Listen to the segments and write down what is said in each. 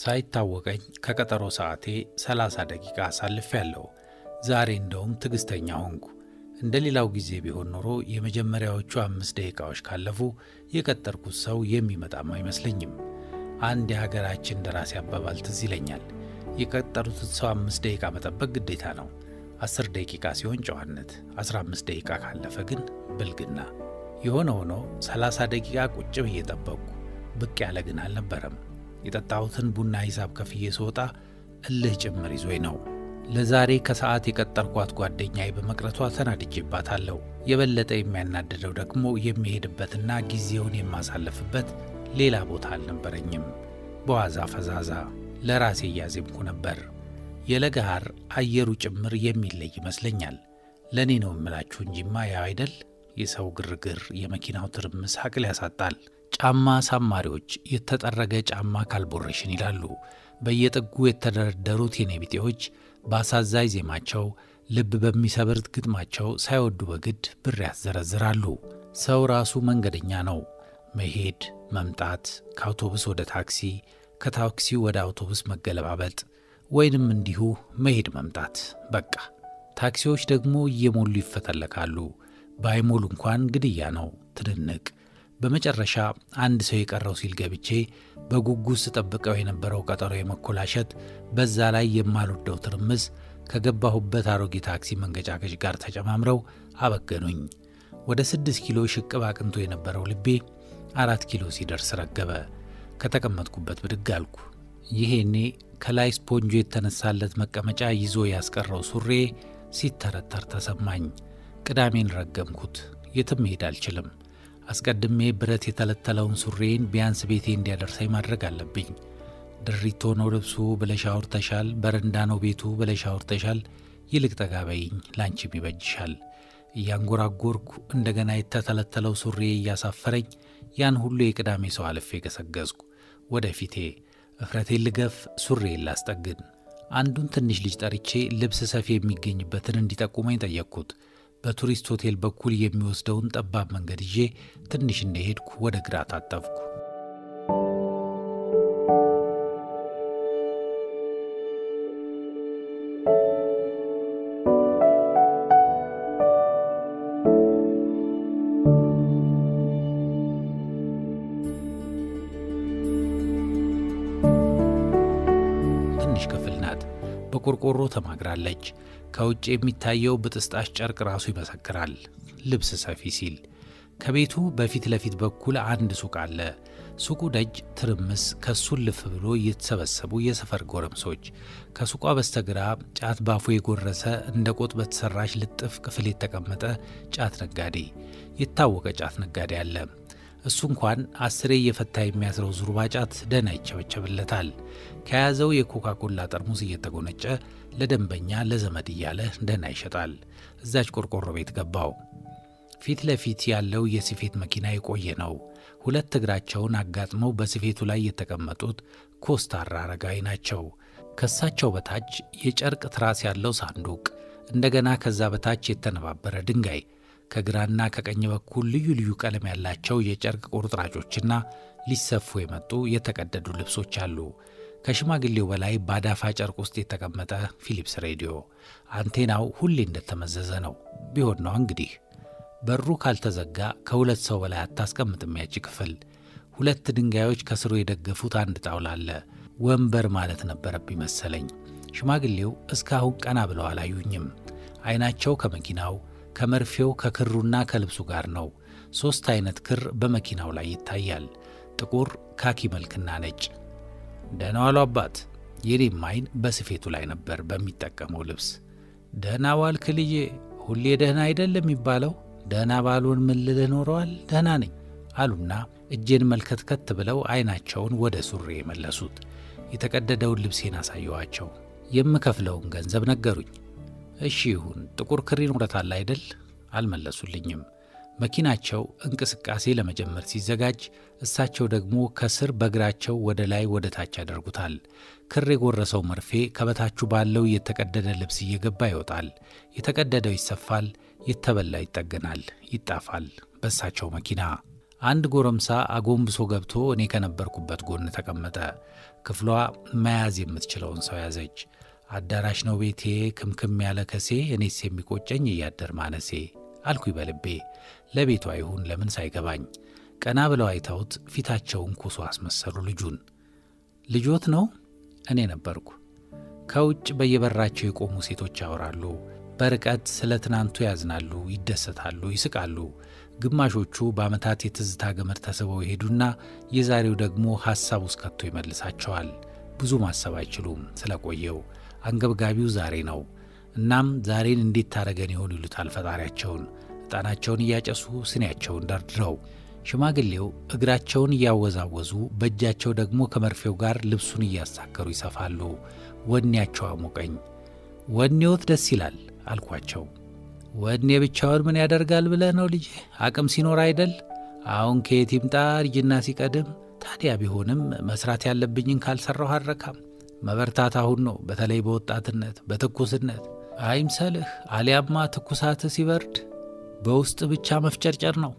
ሳይታወቀኝ ከቀጠሮ ሰዓቴ 30 ደቂቃ አሳልፍ ያለው ዛሬ እንደውም ትዕግሥተኛ ሆንኩ። እንደ ሌላው ጊዜ ቢሆን ኖሮ የመጀመሪያዎቹ አምስት ደቂቃዎች ካለፉ የቀጠርኩት ሰው የሚመጣም አይመስለኝም። አንድ የሀገራችን ደራሲ አባባል ትዝ ይለኛል። የቀጠሩትን ሰው አምስት ደቂቃ መጠበቅ ግዴታ ነው። አስር ደቂቃ ሲሆን ጨዋነት፣ 15 ደቂቃ ካለፈ ግን ብልግና። የሆነ ሆኖ 30 ደቂቃ ቁጭ ብዬ ጠበቅኩ። ብቅ ያለ ግን አልነበረም። የጠጣሁትን ቡና ሂሳብ ከፍዬ ስወጣ እልህ ጭምር ይዞኝ ነው። ለዛሬ ከሰዓት የቀጠርኳት ጓደኛዬ በመቅረቷ ተናድጄባታለሁ። የበለጠ የሚያናድደው ደግሞ የሚሄድበትና ጊዜውን የማሳለፍበት ሌላ ቦታ አልነበረኝም። በዋዛ ፈዛዛ ለራሴ እያዜምኩ ነበር። የለጋሃር አየሩ ጭምር የሚለይ ይመስለኛል። ለእኔ ነው የምላችሁ እንጂማ ያው አይደል። የሰው ግርግር፣ የመኪናው ትርምስ አቅል ያሳጣል። ጫማ ሳማሪዎች የተጠረገ ጫማ ካልቦሬሽን ይላሉ። በየጥጉ የተደረደሩት የኔቢጤዎች በአሳዛኝ ዜማቸው፣ ልብ በሚሰብር ግጥማቸው ሳይወዱ በግድ ብር ያዘረዝራሉ። ሰው ራሱ መንገደኛ ነው። መሄድ መምጣት፣ ከአውቶቡስ ወደ ታክሲ፣ ከታክሲ ወደ አውቶቡስ መገለባበጥ፣ ወይንም እንዲሁ መሄድ መምጣት። በቃ ታክሲዎች ደግሞ እየሞሉ ይፈተለካሉ። ባይሞሉ እንኳን ግድያ ነው፣ ትንንቅ በመጨረሻ አንድ ሰው የቀረው ሲል ገብቼ በጉጉት ስጠብቀው የነበረው ቀጠሮ የመኮላሸት፣ በዛ ላይ የማልወደው ትርምስ ከገባሁበት አሮጌ ታክሲ መንገጫገጭ ጋር ተጨማምረው አበገኑኝ። ወደ ስድስት ኪሎ ሽቅብ አቅንቶ የነበረው ልቤ አራት ኪሎ ሲደርስ ረገበ። ከተቀመጥኩበት ብድግ አልኩ። ይሄኔ ከላይ ስፖንጆ የተነሳለት መቀመጫ ይዞ ያስቀረው ሱሬ ሲተረተር ተሰማኝ። ቅዳሜን ረገምኩት። የትም መሄድ አልችልም። አስቀድሜ ብረት የተለተለውን ሱሬን ቢያንስ ቤቴ እንዲያደርሰኝ ማድረግ አለብኝ። ድሪቶ ነው ልብሱ ብለሽ አውርተሻል፣ በረንዳ ነው ቤቱ ብለሽ አውርተሻል። ይልቅ ጠጋ በይኝ ላንቺም ይበጅሻል። እያንጎራጎርኩ እንደገና የተተለተለው ሱሬ እያሳፈረኝ ያን ሁሉ የቅዳሜ ሰው አልፌ ገሰገዝኩ። ወደፊቴ እፍረቴን ልገፍ፣ ሱሬ ላስጠግን። አንዱን ትንሽ ልጅ ጠርቼ ልብስ ሰፊ የሚገኝበትን እንዲጠቁመኝ ጠየቅኩት። በቱሪስት ሆቴል በኩል የሚወስደውን ጠባብ መንገድ ይዤ ትንሽ እንደሄድኩ ወደ ግራ ታጠፍኩ። በቆርቆሮ ተማግራለች። ከውጭ የሚታየው ብጥስጣሽ ጨርቅ ራሱ ይመሰክራል። ልብስ ሰፊ ሲል ከቤቱ በፊት ለፊት በኩል አንድ ሱቅ አለ። ሱቁ ደጅ ትርምስ ከሱን ልፍ ብሎ እየተሰበሰቡ የሰፈር ጎረምሶች። ከሱቋ በስተግራ ጫት ባፉ የጎረሰ እንደ ቆጥ በተሰራሽ ልጥፍ ክፍል የተቀመጠ ጫት ነጋዴ፣ የታወቀ ጫት ነጋዴ አለ። እሱ እንኳን አስሬ እየፈታ የሚያስረው ጫት ደህና ይቸበቸብለታል። ከያዘው የኮካ ኮላ ጠርሙስ እየተጎነጨ ለደንበኛ ለዘመድ እያለ ደህና ይሸጣል። እዛች ቆርቆሮ ቤት ገባው። ፊት ለፊት ያለው የስፌት መኪና የቆየ ነው። ሁለት እግራቸውን አጋጥመው በስፌቱ ላይ የተቀመጡት ኮስታራ አረጋዊ ናቸው። ከሳቸው በታች የጨርቅ ትራስ ያለው ሳንዱቅ፣ እንደገና ከዛ በታች የተነባበረ ድንጋይ ከግራና ከቀኝ በኩል ልዩ ልዩ ቀለም ያላቸው የጨርቅ ቁርጥራጮችና ሊሰፉ የመጡ የተቀደዱ ልብሶች አሉ። ከሽማግሌው በላይ በአዳፋ ጨርቅ ውስጥ የተቀመጠ ፊሊፕስ ሬዲዮ፣ አንቴናው ሁሌ እንደተመዘዘ ነው። ቢሆን ነው እንግዲህ። በሩ ካልተዘጋ ከሁለት ሰው በላይ አታስቀምጥም ያቺ ክፍል። ሁለት ድንጋዮች ከስሩ የደገፉት አንድ ጣውላ አለ። ወንበር ማለት ነበረብኝ መሰለኝ። ሽማግሌው እስካሁን ቀና ብለው አላዩኝም። አይናቸው ከመኪናው ከመርፌው ከክሩና ከልብሱ ጋር ነው። ሦስት አይነት ክር በመኪናው ላይ ይታያል፤ ጥቁር፣ ካኪ መልክና ነጭ። ደህና ዋሉ አባት። የኔም አይን በስፌቱ ላይ ነበር በሚጠቀመው ልብስ። ደህና ዋልክ ልዬ። ሁሌ ደህና አይደል የሚባለው? ደህና ባልሆን ምን ልልህ ኖረዋል? ደህና ነኝ አሉና እጄን መልከትከት ብለው አይናቸውን ወደ ሱሬ የመለሱት። የተቀደደውን ልብሴን አሳየኋቸው። የምከፍለውን ገንዘብ ነገሩኝ። እሺ ይሁን ጥቁር ክሪ ኖረታል አይደል? አልመለሱልኝም። መኪናቸው እንቅስቃሴ ለመጀመር ሲዘጋጅ እሳቸው ደግሞ ከስር በእግራቸው ወደ ላይ ወደ ታች ያደርጉታል። ክር የጎረሰው መርፌ ከበታቹ ባለው የተቀደደ ልብስ እየገባ ይወጣል። የተቀደደው ይሰፋል፣ ይተበላ፣ ይጠገናል፣ ይጣፋል። በእሳቸው መኪና አንድ ጎረምሳ አጎንብሶ ገብቶ እኔ ከነበርኩበት ጎን ተቀመጠ። ክፍሏ መያዝ የምትችለውን ሰው ያዘች። አዳራሽ ነው ቤቴ ክምክም ያለ ከሴ እኔስ የሚቆጨኝ እያደር ማነሴ አልኩ በልቤ ለቤቷ ይሁን ለምን ሳይገባኝ ቀና ብለው አይተውት ፊታቸውን ኩሶ አስመሰሉ ልጁን ልጆት ነው እኔ ነበርኩ ከውጭ በየበራቸው የቆሙ ሴቶች ያወራሉ በርቀት ስለ ትናንቱ ያዝናሉ ይደሰታሉ ይስቃሉ ግማሾቹ በአመታት የትዝታ ገመድ ተስበው ይሄዱና የዛሬው ደግሞ ሐሳብ ውስጥ ከቶ ይመልሳቸዋል ብዙ ማሰብ አይችሉም ስለቆየው አንገብጋቢው ዛሬ ነው። እናም ዛሬን እንዴት ታደረገን ይሆን ይሉታል ፈጣሪያቸውን። ዕጣናቸውን እያጨሱ ስኒያቸውን ደርድረው ሽማግሌው እግራቸውን እያወዛወዙ በእጃቸው ደግሞ ከመርፌው ጋር ልብሱን እያሳከሩ ይሰፋሉ። ወኔያቸው አሞቀኝ። ወኔዎት ደስ ይላል አልኳቸው። ወኔ ብቻውን ምን ያደርጋል ብለህ ነው ልጅ? አቅም ሲኖር አይደል? አሁን ከየት ይምጣ ልጅና ሲቀድም። ታዲያ ቢሆንም መስራት ያለብኝን ካልሠራሁ አድረካም። መበርታት አሁን ነው። በተለይ በወጣትነት በትኩስነት አይምሰልህ። አሊያማ ትኩሳት ሲበርድ በውስጥ ብቻ መፍጨርጨር ነው።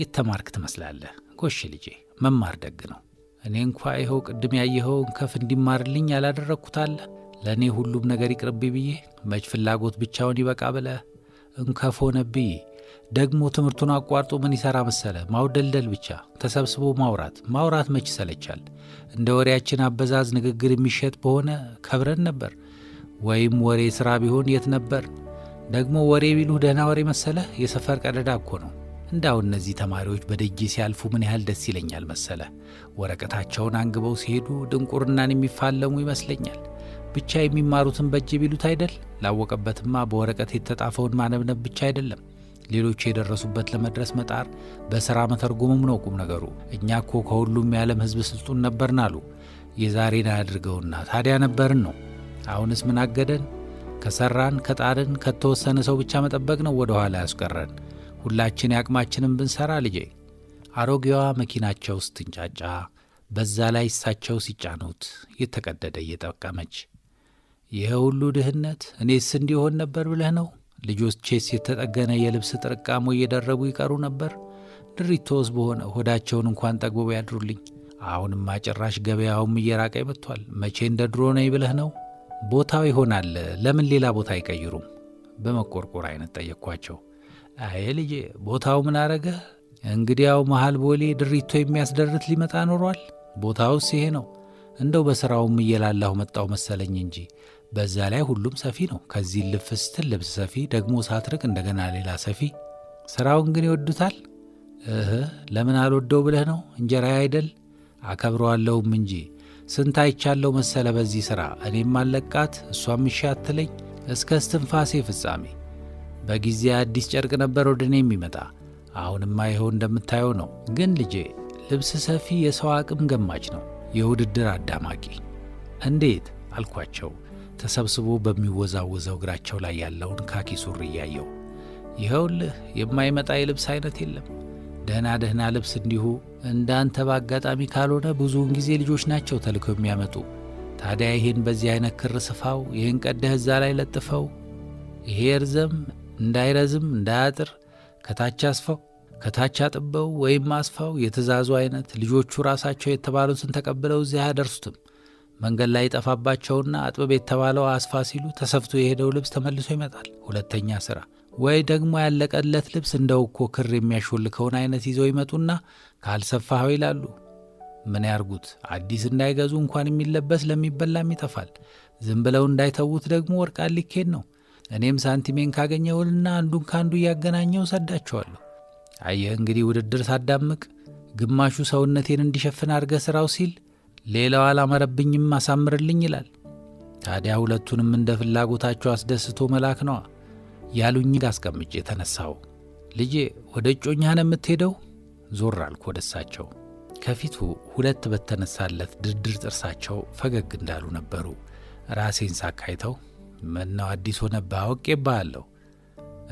የተማርክ ትመስላለህ። ጎሽ ልጄ፣ መማር ደግ ነው። እኔ እንኳ ይኸው ቅድም ያየኸውን ከፍ እንዲማርልኝ ያላደረግኩታለህ ለእኔ ሁሉም ነገር ይቅርብ ብዬ መች ፍላጎት ብቻውን ይበቃ ብለ እንከፍ ደግሞ ትምህርቱን አቋርጦ ምን ይሠራ መሰለ? ማውደልደል ብቻ። ተሰብስቦ ማውራት ማውራት መች ይሰለቻል? እንደ ወሬያችን አበዛዝ ንግግር የሚሸጥ በሆነ ከብረን ነበር። ወይም ወሬ ሥራ ቢሆን የት ነበር? ደግሞ ወሬ ቢሉ ደህና ወሬ መሰለህ? የሰፈር ቀደዳ እኮ ነው። እንዳው እነዚህ ተማሪዎች በደጅ ሲያልፉ ምን ያህል ደስ ይለኛል መሰለ። ወረቀታቸውን አንግበው ሲሄዱ ድንቁርናን የሚፋለሙ ይመስለኛል። ብቻ የሚማሩትን በእጅ ቢሉት አይደል? ላወቀበትማ በወረቀት የተጣፈውን ማነብነብ ብቻ አይደለም ሌሎች የደረሱበት ለመድረስ መጣር በሥራ መተርጎሙም ነው ቁም ነገሩ። እኛ እኮ ከሁሉም የዓለም ሕዝብ ስልጡን ነበርን አሉ። የዛሬን አያድርገውና ታዲያ ነበርን ነው። አሁንስ ምን አገደን? ከሠራን ከጣርን ከተወሰነ ሰው ብቻ መጠበቅ ነው ወደ ኋላ ያስቀረን። ሁላችን የአቅማችንም ብንሠራ ልጄ አሮጌዋ መኪናቸው ስትንጫጫ በዛ ላይ እሳቸው ሲጫኑት እየተቀደደ እየጠቀመች ይህ ሁሉ ድህነት እኔስ እንዲሆን ነበር ብለህ ነው? ልጆቼስ የተጠገነ የልብስ ጥርቃሞ እየደረቡ ይቀሩ ነበር። ድሪቶስ በሆነ ሆዳቸውን እንኳን ጠግበው ያድሩልኝ። አሁንማ ጭራሽ ገበያውም እየራቀ መጥቷል። መቼ እንደ ድሮ ነኝ ብለህ ነው? ቦታው ይሆናል። ለምን ሌላ ቦታ አይቀይሩም? በመቆርቆር አይነት ጠየቅኳቸው። አይ ልጄ፣ ቦታው ምን አረገ? እንግዲያው መሃል ቦሌ ድሪቶ የሚያስደርት ሊመጣ ኖሯል። ቦታውስ ይሄ ነው። እንደው በሥራውም እየላላሁ መጣው መሰለኝ እንጂ በዛ ላይ ሁሉም ሰፊ ነው። ከዚህ ልፍ ስትል ልብስ ሰፊ፣ ደግሞ ሳትርቅ እንደገና ሌላ ሰፊ። ስራውን ግን ይወዱታል። እህ ለምን አልወደው ብለህ ነው? እንጀራ አይደል? አከብረዋለሁም እንጂ ስንት አይቻለው መሰለ በዚህ ሥራ። እኔም አለቃት እሷም እሺ አትለኝ እስከ እስትንፋሴ ፍጻሜ። በጊዜ አዲስ ጨርቅ ነበር ወደ እኔ የሚመጣ። አሁንማ ይኸው እንደምታየው ነው። ግን ልጄ ልብስ ሰፊ የሰው አቅም ገማች ነው፣ የውድድር አዳማቂ። እንዴት አልኳቸው። ተሰብስቦ በሚወዛወዘው እግራቸው ላይ ያለውን ካኪ ሱሪ እያየው ይኸውልህ የማይመጣ የልብስ አይነት የለም። ደህና ደህና ልብስ እንዲሁ እንዳንተ በአጋጣሚ ካልሆነ ብዙውን ጊዜ ልጆች ናቸው ተልከው የሚያመጡ። ታዲያ ይህን በዚህ አይነት ክር ስፋው፣ ይህን ቀደህ እዛ ላይ ለጥፈው፣ ይሄ እርዘም እንዳይረዝም እንዳያጥር ከታች አስፋው ከታች አጥበው ወይም አስፋው። የትእዛዙ አይነት ልጆቹ ራሳቸው የተባሉትን ተቀብለው እዚህ አያደርሱትም። መንገድ ላይ ጠፋባቸውና አጥበብ የተባለው አስፋ ሲሉ ተሰፍቶ የሄደው ልብስ ተመልሶ ይመጣል። ሁለተኛ ስራ ወይ ደግሞ ያለቀለት ልብስ እንደው እኮ ክር የሚያሾልከውን አይነት ይዘው ይመጡና ካልሰፋኸው ይላሉ። ምን ያርጉት? አዲስ እንዳይገዙ እንኳን የሚለበስ ለሚበላም ይጠፋል። ዝም ብለው እንዳይተዉት ደግሞ ወርቅ ሊኬድ ነው። እኔም ሳንቲሜን ካገኘውንና አንዱን ከአንዱ እያገናኘው ሰዳቸዋለሁ። አየህ እንግዲህ ውድድር ሳዳምቅ ግማሹ ሰውነቴን እንዲሸፍን አድርገ ስራው ሲል ሌላው አላመረብኝም አሳምርልኝ ይላል። ታዲያ ሁለቱንም እንደ ፍላጎታቸው አስደስቶ መላክ ነዋ። ያሉኝ አስቀምጬ የተነሳው ልጄ ወደ እጮኛህ ነው የምትሄደው? ዞር አልኩ ወደ እሳቸው። ከፊቱ ሁለት በተነሳለት ድርድር ጥርሳቸው ፈገግ እንዳሉ ነበሩ። ራሴን ሳካይተው ምነው አዲስ ሆነብህ? አውቄብሃለሁ።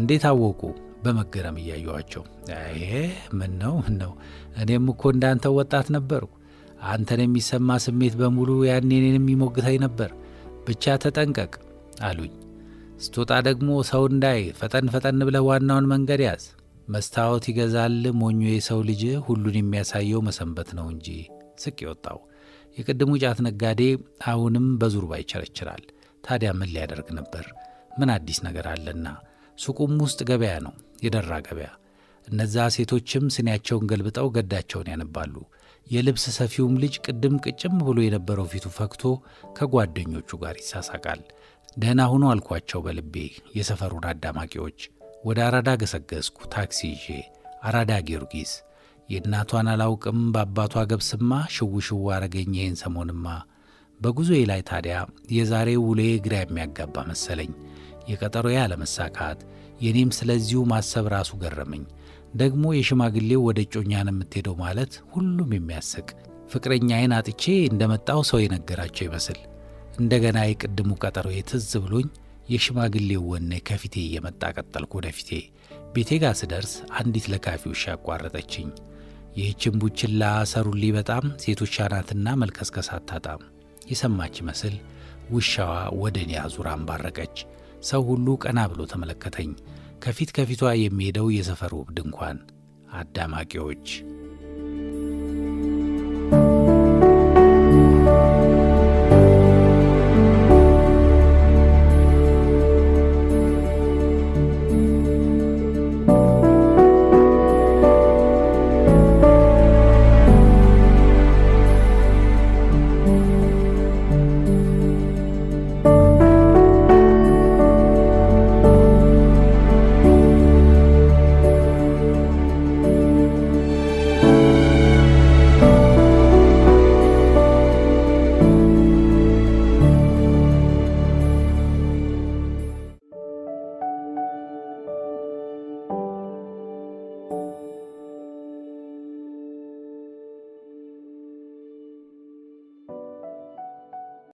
እንዴት አወቁ? በመገረም እያየዋቸው? ይሄ ምን ነው ምን ነው እኔም እኮ እንዳንተ ወጣት ነበርኩ። አንተን የሚሰማ ስሜት በሙሉ ያኔ እኔንም ይሞግተኝ ነበር። ብቻ ተጠንቀቅ አሉኝ። ስትወጣ ደግሞ ሰው እንዳይ ፈጠን ፈጠን ብለህ ዋናውን መንገድ ያዝ። መስታወት ይገዛል ሞኞ የሰው ልጅ ሁሉን የሚያሳየው መሰንበት ነው እንጂ ስቅ የወጣው የቅድሙ ጫት ነጋዴ አሁንም በዙርባ ይቸረችራል። ታዲያ ምን ሊያደርግ ነበር? ምን አዲስ ነገር አለና ሱቁም ውስጥ ገበያ ነው፣ የደራ ገበያ እነዛ ሴቶችም ስኒያቸውን ገልብጠው ገዳቸውን ያነባሉ። የልብስ ሰፊውም ልጅ ቅድም ቅጭም ብሎ የነበረው ፊቱ ፈክቶ ከጓደኞቹ ጋር ይሳሳቃል። ደህና ሁኖ አልኳቸው በልቤ የሰፈሩን አዳማቂዎች። ወደ አራዳ ገሰገስኩ ታክሲ ይዤ አራዳ ጊዮርጊስ። የእናቷን አላውቅም በአባቷ ገብስማ ሽውሽው አረገኝ ይሄን ሰሞንማ። በጉዞዬ ላይ ታዲያ የዛሬው ውሌ ግራ የሚያጋባ መሰለኝ። የቀጠሮዬ አለመሳካት የእኔም ስለዚሁ ማሰብ ራሱ ገረመኝ። ደግሞ የሽማግሌው ወደ እጮኛን የምትሄደው ማለት ሁሉም የሚያስቅ ፍቅረኛዬን አጥቼ እንደመጣው ሰው የነገራቸው ይመስል እንደገና የቅድሙ ቀጠሮ የትዝ ብሎኝ የሽማግሌው ወኔ ከፊቴ እየመጣ ቀጠልኩ። ወደፊቴ ቤቴ ጋር ስደርስ አንዲት ለካፊ ውሻ አቋረጠችኝ። ይህችን ቡችላ ሰሩሊ በጣም ሴቶች አናትና መልከስከስ አታጣም። የሰማች መስል ውሻዋ ወደ እኔ አዙራ አንባረቀች። ሰው ሁሉ ቀና ብሎ ተመለከተኝ። ከፊት ከፊቷ የሚሄደው ውብ ድንኳን አዳማቂዎች